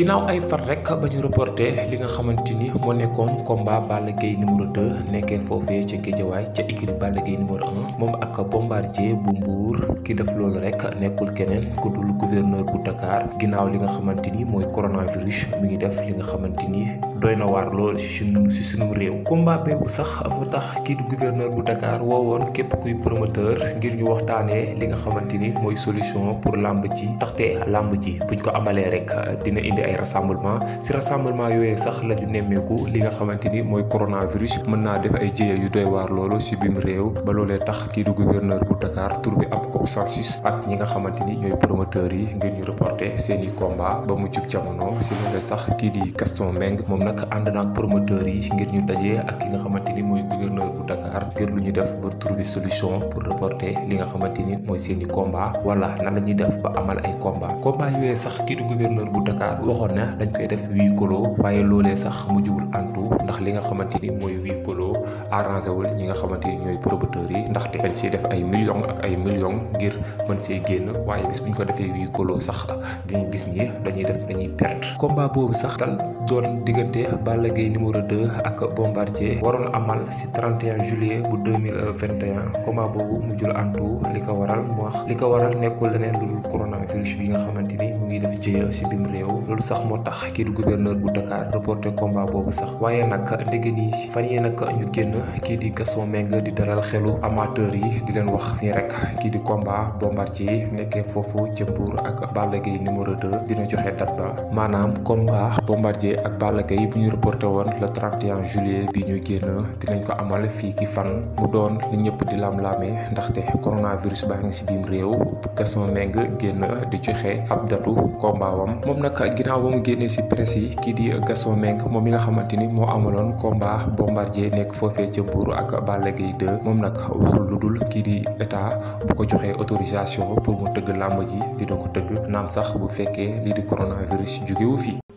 ginnaaw ay fat rek ba ñu reporté li nga xamante ni moo nekkoon combat Balla Gaye numéro 2 nekkee foofee ca Géejawaay ca écurie Balla Gaye numéro 1 moom ak bombardier bu mbuur ki def loolu rek nekkul keneen ku dul gouverneur bu Dakar ginnaaw li nga xamante ni mooy coronavirus mi ngi def li nga xamante ni doy na waar lool si suñu réew. combat beegu sax mu tax kii di gouverneur bu Dakar woowoon képp kuy promoteur ngir ñu waxtaanee li nga xamante ni mooy solution pour làmb ji ndaxte làmb ji buñ ko amalee rek dina indi ay rassemblement si rassemblement yooyu sax la nemmeeku li nga xamante ni mooy coronavirus mën naa def ay jéeya yu doy waar loolu si biim réew ba loolee tax kii di gouverneur bu Dakar tur bi ab consensus ak ñi nga xamante ni ñooy promoteurs yi ngir ñu reporter seen i combat ba mu nag ànd na ak promoteur yi ngir ñu dajee ak ki nga xamante ni mooy gouverneur bu Dakar ngir lu ñu def ba trouver solution pour reporter li nga xamante ni mooy seeni combat wala nan la def ba amal ay combat combat yooyu sax ki di gouverneur bu Dakar waxoon na dañ koy def huis clos waaye loolee sax mujjul antu ndax li nga xamante ni mooy huis clos arrangé wul ñi nga xamante ni ñooy promoteurs yi ndax dañ siy def ay millions ak ay millions ngir mën see génn waaye bis bu ñu ko defee wii koloo sax dañuy gis ni dañuy def dañuy perte. combat boobu sax dal doon diggante Balla Gaye numéro ak Bombardier waroon amal si 31 bu 2021 boobu mujjul antu li ko waral mu wax li ko waral nekkul leneen lu dul coronavirus bi nga xamante mu ngi def jëye si biir réew loolu sax moo tax kii di gouverneur bu Dakar reporté combat boobu sax waaye nag ndege nii fan yii nag ñu génn kii di Gaston amateurs yi di leen wax ni rek kii di combat bombardier nekkee foofu ca Mbour ak Balla Gaye numéro 2 dina joxe date ba maanaam combat bombardier ak Balla Gaye bu ñu reporté woon le 31 juillet bi ñu génn dinañ ko amal fii ki fan mu doon ñëpp di lam-laamee ndaxte coronavirus baa ngi si biim réew Gaston Mbengue génn di joxe ab datu combat moom nag ginnaaw ba mu génnee si presse yi kii di Gaston Mbengue moom mi nga xamante ni moo amaloon combat bombardier nekk foofee ca Mbour ak Balla Gaye moom nag waxul dul kii di état bu ko joxee autorisation pour mu tëgg làmb ji di dina ko tëgg naam sax bu fekkee lii di coronavirus jógewu fi